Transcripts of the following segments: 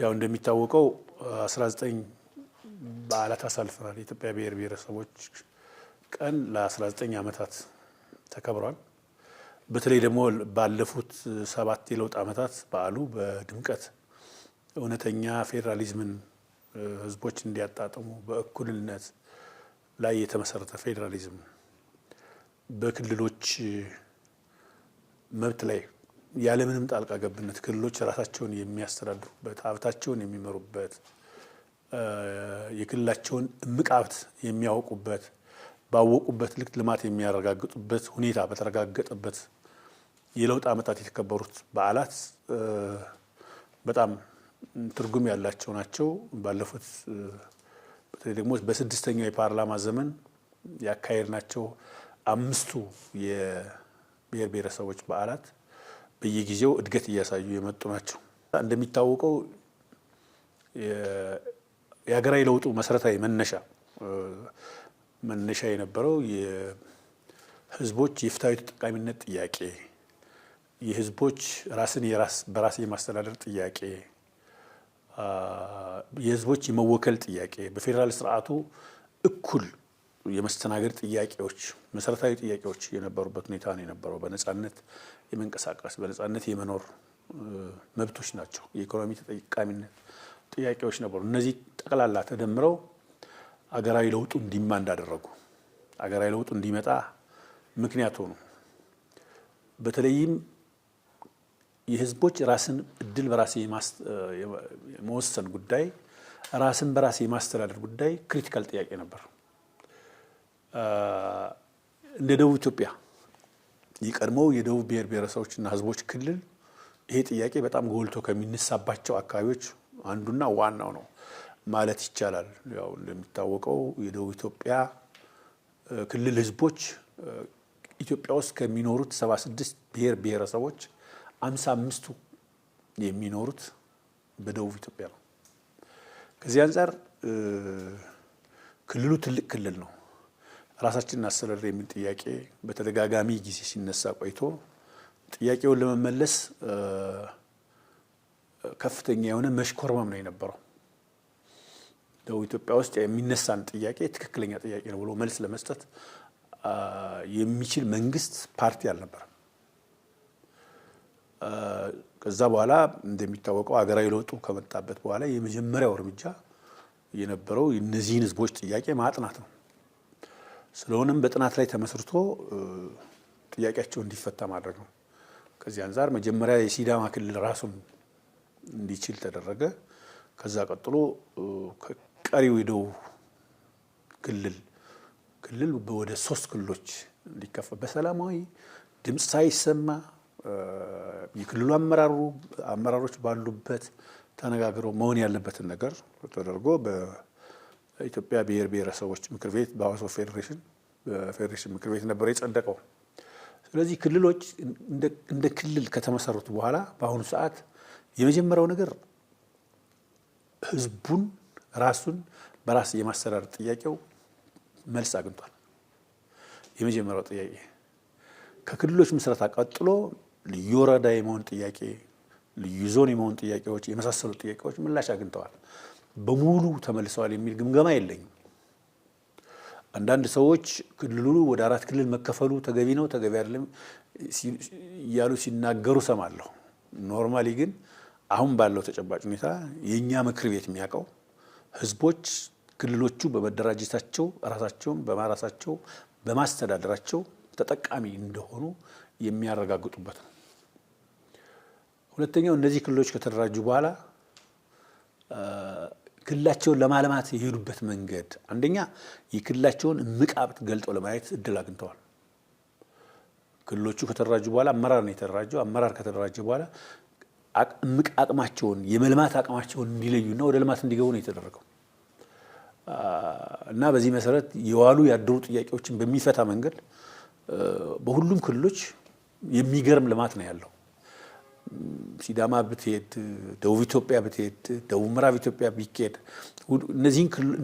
ያው እንደሚታወቀው 19 በዓላት አሳልፈናል። የኢትዮጵያ ብሔር ብሔረሰቦች ቀን ለ19 ዓመታት ተከብሯል። በተለይ ደግሞ ባለፉት ሰባት የለውጥ ዓመታት በዓሉ በድምቀት እውነተኛ ፌዴራሊዝምን ህዝቦች እንዲያጣጥሙ በእኩልነት ላይ የተመሰረተ ፌዴራሊዝም በክልሎች መብት ላይ ያለምንም ጣልቃ ገብነት ክልሎች ራሳቸውን የሚያስተዳድሩበት ሀብታቸውን የሚመሩበት የክልላቸውን እምቅ ሀብት የሚያውቁበት ባወቁበት ልክ ልማት የሚያረጋግጡበት ሁኔታ በተረጋገጠበት የለውጥ ዓመታት የተከበሩት በዓላት በጣም ትርጉም ያላቸው ናቸው። ባለፉት በተለይ ደግሞ በስድስተኛው የፓርላማ ዘመን ያካሄድ ናቸው አምስቱ የብሔር ብሔረሰቦች በዓላት በየጊዜው እድገት እያሳዩ የመጡ ናቸው። እንደሚታወቀው የሀገራዊ ለውጡ መሰረታዊ መነሻ መነሻ የነበረው የህዝቦች የፍትሐዊ ተጠቃሚነት ጥያቄ፣ የህዝቦች ራስን በራስ የማስተዳደር ጥያቄ፣ የህዝቦች የመወከል ጥያቄ በፌዴራል ስርዓቱ እኩል የመስተናገድ ጥያቄዎች፣ መሰረታዊ ጥያቄዎች የነበሩበት ሁኔታ ነው የነበረው። በነጻነት የመንቀሳቀስ በነጻነት የመኖር መብቶች ናቸው። የኢኮኖሚ ተጠቃሚነት ጥያቄዎች ነበሩ። እነዚህ ጠቅላላ ተደምረው አገራዊ ለውጡ እንዲማ እንዳደረጉ አገራዊ ለውጡ እንዲመጣ ምክንያት ሆኑ። በተለይም የህዝቦች ራስን እድል በራስ የመወሰን ጉዳይ፣ ራስን በራስ የማስተዳደር ጉዳይ ክሪቲካል ጥያቄ ነበር። እንደ ደቡብ ኢትዮጵያ የቀድሞው የደቡብ ብሔር ብሔረሰቦችና ህዝቦች ክልል ይሄ ጥያቄ በጣም ጎልቶ ከሚነሳባቸው አካባቢዎች አንዱና ዋናው ነው ማለት ይቻላል። ያው እንደሚታወቀው የደቡብ ኢትዮጵያ ክልል ህዝቦች ኢትዮጵያ ውስጥ ከሚኖሩት 76 ብሔር ብሔረሰቦች 55ቱ የሚኖሩት በደቡብ ኢትዮጵያ ነው። ከዚህ አንጻር ክልሉ ትልቅ ክልል ነው። ራሳችንን አስተዳደር የሚል ጥያቄ በተደጋጋሚ ጊዜ ሲነሳ ቆይቶ ጥያቄውን ለመመለስ ከፍተኛ የሆነ መሽኮርመም ነው የነበረው። ደቡብ ኢትዮጵያ ውስጥ የሚነሳን ጥያቄ ትክክለኛ ጥያቄ ነው ብሎ መልስ ለመስጠት የሚችል መንግስት፣ ፓርቲ አልነበረም። ከዛ በኋላ እንደሚታወቀው ሀገራዊ ለውጡ ከመጣበት በኋላ የመጀመሪያው እርምጃ የነበረው እነዚህን ህዝቦች ጥያቄ ማጥናት ነው። ስለሆነም በጥናት ላይ ተመስርቶ ጥያቄያቸው እንዲፈታ ማድረግ ነው። ከዚህ አንጻር መጀመሪያ የሲዳማ ክልል ራሱን እንዲችል ተደረገ። ከዛ ቀጥሎ ከቀሪው የደቡብ ክልል ክልል ወደ ሶስት ክልሎች እንዲከፈል በሰላማዊ ድምፅ ሳይሰማ የክልሉ አመራሩ አመራሮች ባሉበት ተነጋግረው መሆን ያለበትን ነገር ተደርጎ ኢትዮጵያ ብሔር ብሔረሰቦች ምክር ቤት በሀዋሳው ፌዴሬሽን በፌዴሬሽን ምክር ቤት ነበር የጸደቀው። ስለዚህ ክልሎች እንደ ክልል ከተመሰረቱ በኋላ በአሁኑ ሰዓት የመጀመሪያው ነገር ህዝቡን ራሱን በራስ የማስተዳደር ጥያቄው መልስ አግኝቷል። የመጀመሪያው ጥያቄ ከክልሎች ምስረታ ቀጥሎ ልዩ ወረዳ የመሆን ጥያቄ፣ ልዩ ዞን የመሆን ጥያቄዎች የመሳሰሉ ጥያቄዎች ምላሽ አግኝተዋል። በሙሉ ተመልሰዋል የሚል ግምገማ የለኝም። አንዳንድ ሰዎች ክልሉ ወደ አራት ክልል መከፈሉ ተገቢ ነው ተገቢ አይደለም እያሉ ሲናገሩ ሰማለሁ። ኖርማሊ ግን አሁን ባለው ተጨባጭ ሁኔታ የእኛ ምክር ቤት የሚያውቀው ህዝቦች ክልሎቹ በመደራጀታቸው ራሳቸውን በማራሳቸው በማስተዳደራቸው ተጠቃሚ እንደሆኑ የሚያረጋግጡበት ነው። ሁለተኛው እነዚህ ክልሎች ከተደራጁ በኋላ ክልላቸውን ለማልማት የሄዱበት መንገድ አንደኛ የክልላቸውን እምቅ ሀብት ለማየት እድል አግኝተዋል። ክልሎቹ ከተደራጁ በኋላ አመራር ነው የተደራጀው። አመራር ከተደራጀ በኋላ እምቅ አቅማቸውን የመልማት አቅማቸውን እንዲለዩና ወደ ልማት እንዲገቡ ነው የተደረገው እና በዚህ መሰረት የዋሉ ያደሩ ጥያቄዎችን በሚፈታ መንገድ በሁሉም ክልሎች የሚገርም ልማት ነው ያለው። ሲዳማ ብትሄድ፣ ደቡብ ኢትዮጵያ ብትሄድ፣ ደቡብ ምዕራብ ኢትዮጵያ ቢኬድ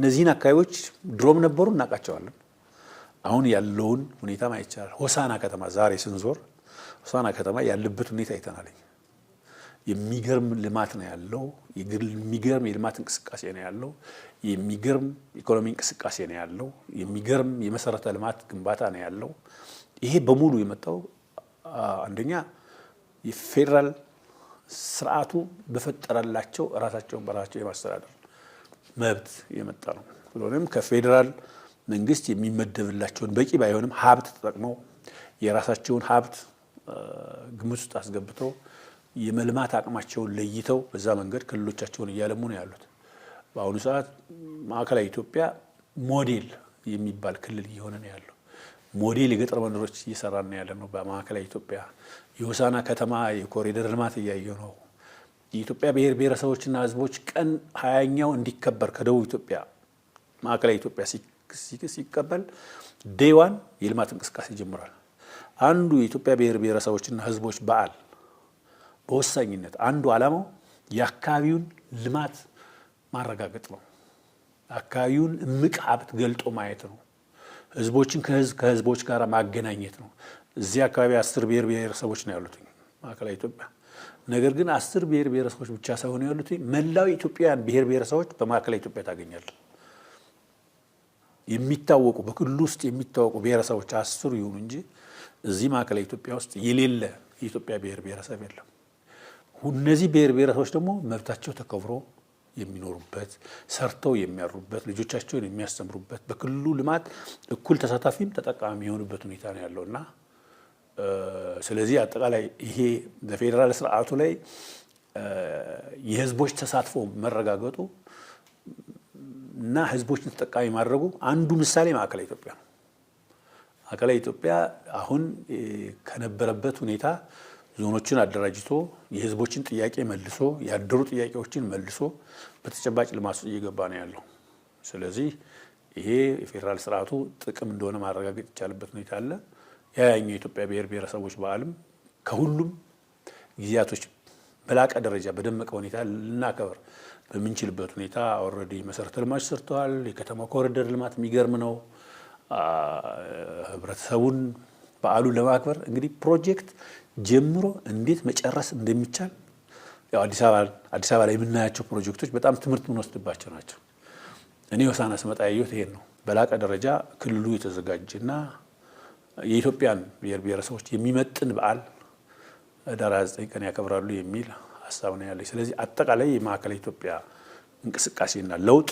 እነዚህን አካባቢዎች ድሮም ነበሩ እናውቃቸዋለን። አሁን ያለውን ሁኔታ ማየት ይቻላል። ሆሳና ከተማ ዛሬ ስንዞር ሆሳና ከተማ ያለበት ሁኔታ አይተናል። የሚገርም ልማት ነው ያለው። የሚገርም የልማት እንቅስቃሴ ነው ያለው። የሚገርም ኢኮኖሚ እንቅስቃሴ ነው ያለው። የሚገርም የመሰረተ ልማት ግንባታ ነው ያለው። ይሄ በሙሉ የመጣው አንደኛ የፌዴራል ስርዓቱ በፈጠረላቸው ራሳቸውን በራሳቸው የማስተዳደር መብት የመጣ ነው። ስለሆነም ከፌዴራል መንግስት የሚመደብላቸውን በቂ ባይሆንም ሀብት ተጠቅመው የራሳቸውን ሀብት ግምት ውስጥ አስገብተው የመልማት አቅማቸውን ለይተው በዛ መንገድ ክልሎቻቸውን እያለሙ ነው ያሉት። በአሁኑ ሰዓት ማዕከላዊ ኢትዮጵያ ሞዴል የሚባል ክልል እየሆነ ነው ያለው። ሞዴል የገጠር መንደሮች እየሰራ ነው ያለ ነው በማዕከላዊ ኢትዮጵያ የሆሳና ከተማ የኮሪደር ልማት እያየ ነው። የኢትዮጵያ ብሔር ብሔረሰቦችና ህዝቦች ቀን ሀያኛው እንዲከበር ከደቡብ ኢትዮጵያ ማዕከላዊ ኢትዮጵያ ሲቀበል ዴዋን የልማት እንቅስቃሴ ይጀምራል። አንዱ የኢትዮጵያ ብሔር ብሔረሰቦችና ህዝቦች በዓል በወሳኝነት አንዱ ዓላማው የአካባቢውን ልማት ማረጋገጥ ነው። አካባቢውን እምቅ ሀብት ገልጦ ማየት ነው። ህዝቦችን ከሕዝብ ጋር ማገናኘት ነው። እዚህ አካባቢ አስር ብሔር ብሔረሰቦች ነው ያሉት ማዕከላዊ ኢትዮጵያ። ነገር ግን አስር ብሔር ብሔረሰቦች ብቻ ሳይሆኑ ያሉት መላው ኢትዮጵያውያን ብሔር ብሔረሰቦች በማዕከላዊ ኢትዮጵያ ታገኛለ። የሚታወቁ በክልሉ ውስጥ የሚታወቁ ብሔረሰቦች አስሩ ይሁኑ እንጂ እዚህ ማዕከላዊ ኢትዮጵያ ውስጥ የሌለ የኢትዮጵያ ብሔር ብሔረሰብ የለም። እነዚህ ብሔር ብሔረሰቦች ደግሞ መብታቸው ተከብሮ የሚኖሩበት ሰርተው የሚያሩበት ልጆቻቸውን የሚያስተምሩበት በክልሉ ልማት እኩል ተሳታፊም ተጠቃሚ የሆኑበት ሁኔታ ነው ያለውና ስለዚህ አጠቃላይ ይሄ በፌዴራል ስርዓቱ ላይ የህዝቦች ተሳትፎ መረጋገጡ እና ህዝቦችን ተጠቃሚ ማድረጉ አንዱ ምሳሌ ማዕከላዊ ኢትዮጵያ ነው። ማዕከላዊ ኢትዮጵያ አሁን ከነበረበት ሁኔታ ዞኖችን አደራጅቶ የህዝቦችን ጥያቄ መልሶ ያደሩ ጥያቄዎችን መልሶ በተጨባጭ ልማት ውስጥ እየገባ ነው ያለው። ስለዚህ ይሄ የፌዴራል ስርዓቱ ጥቅም እንደሆነ ማረጋገጥ ይቻልበት ሁኔታ አለ። የያኛው የኢትዮጵያ ብሔር ብሔረሰቦች በዓልም ከሁሉም ጊዜያቶች በላቀ ደረጃ በደመቀ ሁኔታ ልናከብር በምንችልበት ሁኔታ ኦልሬዲ መሰረተ ልማት ሰርተዋል። የከተማ ኮሪደር ልማት የሚገርም ነው። ህብረተሰቡን በዓሉን ለማክበር እንግዲህ ፕሮጀክት ጀምሮ እንዴት መጨረስ እንደሚቻል አዲስ አበባ ላይ የምናያቸው ፕሮጀክቶች በጣም ትምህርት የምንወስድባቸው ናቸው። እኔ ሆሳዕና ስመጣ ያየሁት ይሄን ነው። በላቀ ደረጃ ክልሉ የተዘጋጀና የኢትዮጵያን ብሔር ብሔረሰቦች የሚመጥን በዓል ህዳር 29 ቀን ያከብራሉ የሚል ሀሳብ ነው ያለኝ። ስለዚህ አጠቃላይ የማዕከላዊ ኢትዮጵያ እንቅስቃሴና ለውጥ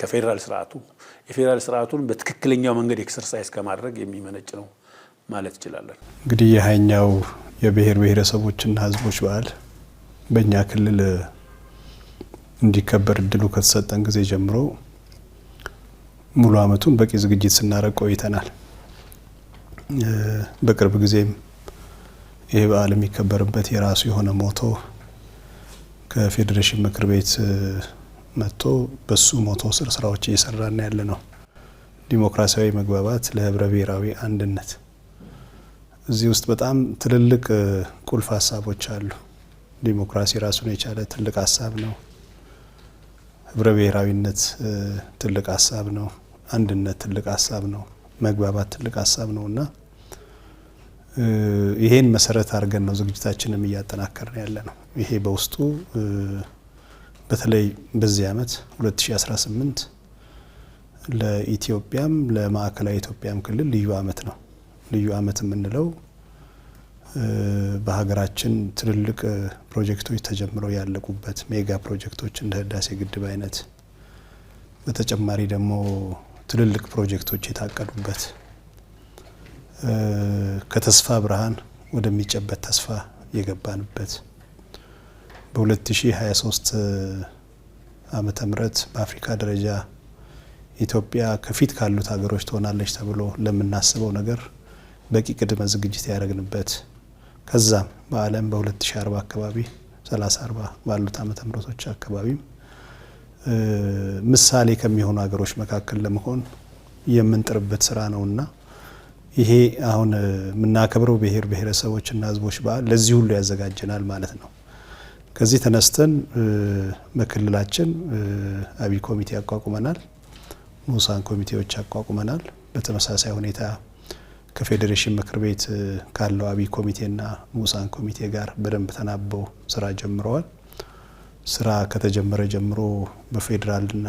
ከፌዴራል ስርዓቱ የፌዴራል ስርዓቱን በትክክለኛው መንገድ ኤክሰርሳይዝ ከማድረግ የሚመነጭ ነው ማለት ይችላለን። እንግዲህ የሀያኛው የብሔር ብሔረሰቦችና ህዝቦች በዓል በእኛ ክልል እንዲከበር እድሉ ከተሰጠን ጊዜ ጀምሮ ሙሉ ዓመቱን በቂ ዝግጅት ስናደርግ ቆይተናል። በቅርብ ጊዜም ይህ በዓል የሚከበርበት የራሱ የሆነ ሞቶ ከፌዴሬሽን ምክር ቤት መጥቶ በሱ ሞቶ ስር ስራዎች እየሰራና ያለ ነው። ዲሞክራሲያዊ መግባባት ለህብረ ብሔራዊ አንድነት እዚህ ውስጥ በጣም ትልልቅ ቁልፍ ሀሳቦች አሉ። ዲሞክራሲ ራሱን የቻለ ትልቅ ሀሳብ ነው። ህብረ ብሔራዊነት ትልቅ ሀሳብ ነው። አንድነት ትልቅ ሀሳብ ነው። መግባባት ትልቅ ሀሳብ ነው እና ይሄን መሰረት አድርገን ነው ዝግጅታችንም እያጠናከርን ያለ ነው። ይሄ በውስጡ በተለይ በዚህ ዓመት 2018 ለኢትዮጵያም ለማዕከላዊ ኢትዮጵያም ክልል ልዩ ዓመት ነው። ልዩ ዓመት የምንለው በሀገራችን ትልልቅ ፕሮጀክቶች ተጀምረው ያለቁበት ሜጋ ፕሮጀክቶች እንደ ህዳሴ ግድብ አይነት በተጨማሪ ደግሞ ትልልቅ ፕሮጀክቶች የታቀዱበት ከተስፋ ብርሃን ወደሚጨበት ተስፋ የገባንበት በ2023 ዓመተ ምህረት በአፍሪካ ደረጃ ኢትዮጵያ ከፊት ካሉት ሀገሮች ትሆናለች ተብሎ ለምናስበው ነገር በቂ ቅድመ ዝግጅት ያደረግንበት ከዛም በዓለም በ2040 አካባቢ 30 ባሉት ዓመተ ምህረቶች አካባቢም ምሳሌ ከሚሆኑ ሀገሮች መካከል ለመሆን የምንጥርበት ስራ ነውና ይሄ አሁን የምናከብረው ብሔር ብሔረሰቦችና ህዝቦች በዓል ለዚህ ሁሉ ያዘጋጀናል ማለት ነው። ከዚህ ተነስተን በክልላችን አብይ ኮሚቴ አቋቁመናል፣ ንዑሳን ኮሚቴዎች አቋቁመናል። በተመሳሳይ ሁኔታ ከፌዴሬሽን ምክር ቤት ካለው አብይ ኮሚቴና ንዑሳን ኮሚቴ ጋር በደንብ ተናበው ስራ ጀምረዋል። ስራ ከተጀመረ ጀምሮ በፌዴራልና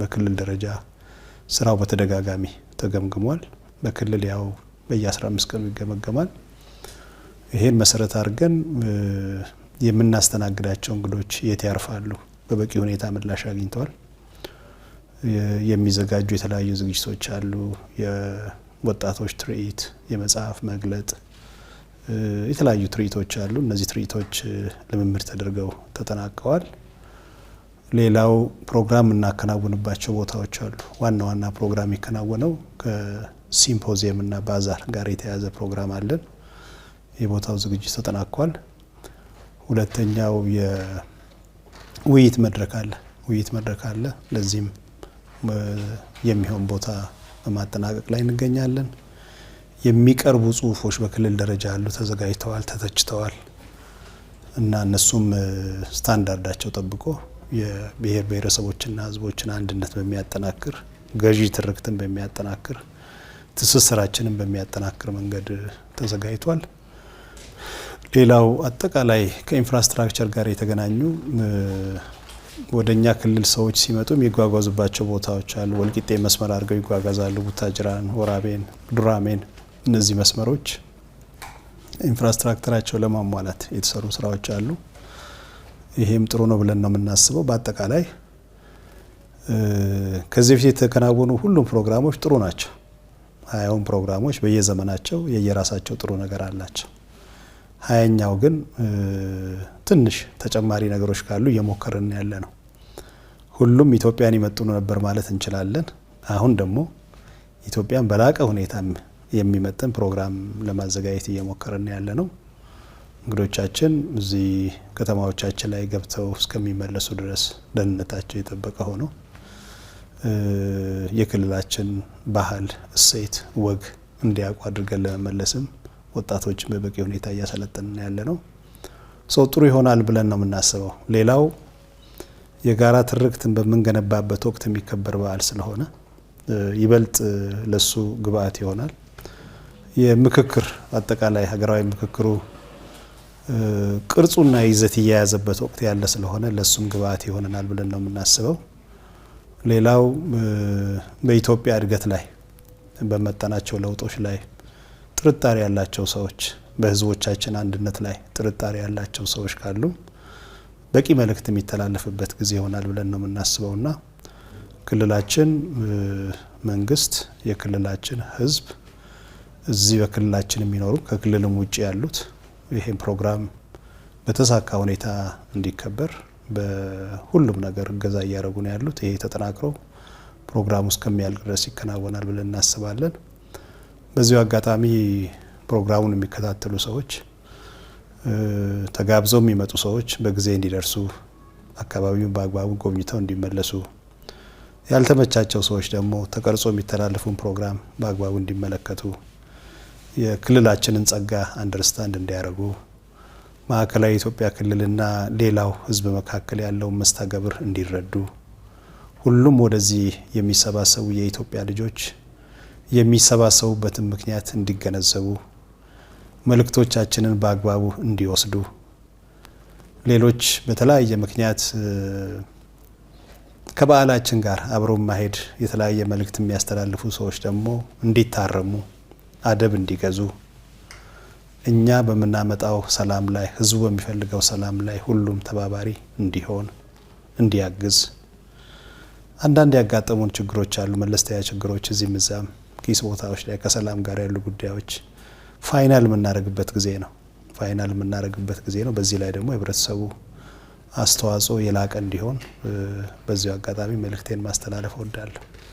በክልል ደረጃ ስራው በተደጋጋሚ ተገምግሟል። በክልል ያው በየ15 ቀኑ ይገመገማል። ይሄን መሰረት አድርገን የምናስተናግዳቸው እንግዶች የት ያርፋሉ፣ በበቂ ሁኔታ ምላሽ አግኝተዋል። የሚዘጋጁ የተለያዩ ዝግጅቶች አሉ። የወጣቶች ትርኢት፣ የመጽሐፍ መግለጥ፣ የተለያዩ ትርኢቶች አሉ። እነዚህ ትርኢቶች ልምምድ ተደርገው ተጠናቀዋል። ሌላው ፕሮግራም እናከናውንባቸው ቦታዎች አሉ። ዋና ዋና ፕሮግራም የሚከናወነው ሲምፖዚየም እና ባዛር ጋር የተያያዘ ፕሮግራም አለን። የቦታው ዝግጅት ተጠናቋል። ሁለተኛው የውይይት መድረክ አለ ውይይት መድረክ አለ። ለዚህም የሚሆን ቦታ በማጠናቀቅ ላይ እንገኛለን። የሚቀርቡ ጽሁፎች በክልል ደረጃ ያሉ ተዘጋጅተዋል፣ ተተችተዋል እና እነሱም ስታንዳርዳቸው ጠብቆ የብሔር ብሔረሰቦችና ሕዝቦችን አንድነት በሚያጠናክር ገዢ ትርክትን በሚያጠናክር ትስስራችንን በሚያጠናክር መንገድ ተዘጋጅቷል። ሌላው አጠቃላይ ከኢንፍራስትራክቸር ጋር የተገናኙ ወደ እኛ ክልል ሰዎች ሲመጡ የሚጓጓዙባቸው ቦታዎች አሉ። ወልቂጤ መስመር አድርገው ይጓጓዛሉ። ቡታጅራን፣ ወራቤን፣ ዱራሜን እነዚህ መስመሮች ኢንፍራስትራክቸራቸው ለማሟላት የተሰሩ ስራዎች አሉ። ይሄም ጥሩ ነው ብለን ነው የምናስበው። በአጠቃላይ ከዚህ በፊት የተከናወኑ ሁሉም ፕሮግራሞች ጥሩ ናቸው። ሀያውን ፕሮግራሞች በየዘመናቸው የየራሳቸው ጥሩ ነገር አላቸው። ሀያኛው ግን ትንሽ ተጨማሪ ነገሮች ካሉ እየሞከርን ያለ ነው። ሁሉም ኢትዮጵያን ይመጥኑ ነበር ማለት እንችላለን። አሁን ደግሞ ኢትዮጵያን በላቀ ሁኔታ የሚመጥን ፕሮግራም ለማዘጋጀት እየሞከርን ያለ ነው። እንግዶቻችን እዚህ ከተማዎቻችን ላይ ገብተው እስከሚመለሱ ድረስ ደህንነታቸው የጠበቀ ሆነው የክልላችን ባህል፣ እሴት፣ ወግ እንዲያውቁ አድርገን ለመመለስም ወጣቶችን በበቂ ሁኔታ እያሰለጠንን ያለ ነው። ሰው ጥሩ ይሆናል ብለን ነው የምናስበው። ሌላው የጋራ ትርክትን በምንገነባበት ወቅት የሚከበር በዓል ስለሆነ ይበልጥ ለሱ ግብአት ይሆናል። የምክክር አጠቃላይ ሀገራዊ ምክክሩ ቅርጹና ይዘት እየያዘበት ወቅት ያለ ስለሆነ ለሱም ግብአት ይሆነናል ብለን ነው የምናስበው። ሌላው በኢትዮጵያ እድገት ላይ በመጠናቸው ለውጦች ላይ ጥርጣሬ ያላቸው ሰዎች፣ በህዝቦቻችን አንድነት ላይ ጥርጣሬ ያላቸው ሰዎች ካሉ በቂ መልእክት የሚተላለፍበት ጊዜ ይሆናል ብለን ነው የምናስበውና ክልላችን መንግስት፣ የክልላችን ህዝብ፣ እዚህ በክልላችን የሚኖሩ ከክልልም ውጭ ያሉት ይሄን ፕሮግራም በተሳካ ሁኔታ እንዲከበር በሁሉም ነገር እገዛ እያደረጉ ነው ያሉት። ይሄ ተጠናክሮ ፕሮግራሙ እስከሚያልቅ ድረስ ይከናወናል ብለን እናስባለን። በዚሁ አጋጣሚ ፕሮግራሙን የሚከታተሉ ሰዎች፣ ተጋብዘው የሚመጡ ሰዎች በጊዜ እንዲደርሱ፣ አካባቢውን በአግባቡ ጎብኝተው እንዲመለሱ፣ ያልተመቻቸው ሰዎች ደግሞ ተቀርጾ የሚተላለፉን ፕሮግራም በአግባቡ እንዲመለከቱ፣ የክልላችንን ጸጋ አንደርስታንድ እንዲያደርጉ ማዕከላዊ የኢትዮጵያ ክልልና ሌላው ህዝብ መካከል ያለውን መስተጋብር እንዲረዱ ሁሉም ወደዚህ የሚሰባሰቡ የኢትዮጵያ ልጆች የሚሰባሰቡበትን ምክንያት እንዲገነዘቡ መልእክቶቻችንን በአግባቡ እንዲወስዱ ሌሎች በተለያየ ምክንያት ከበዓላችን ጋር አብሮ ማሄድ የተለያየ መልእክት የሚያስተላልፉ ሰዎች ደግሞ እንዲታረሙ አደብ እንዲገዙ እኛ በምናመጣው ሰላም ላይ ህዝቡ በሚፈልገው ሰላም ላይ ሁሉም ተባባሪ እንዲሆን እንዲያግዝ። አንዳንድ ያጋጠሙን ችግሮች አሉ፣ መለስተያ ችግሮች እዚህ ምዛም ኪስ ቦታዎች ላይ ከሰላም ጋር ያሉ ጉዳዮች ፋይናል የምናደርግበት ጊዜ ነው። ፋይናል የምናደርግበት ጊዜ ነው። በዚህ ላይ ደግሞ የህብረተሰቡ አስተዋጽኦ የላቀ እንዲሆን በዚሁ አጋጣሚ መልእክቴን ማስተላለፍ እወዳለሁ።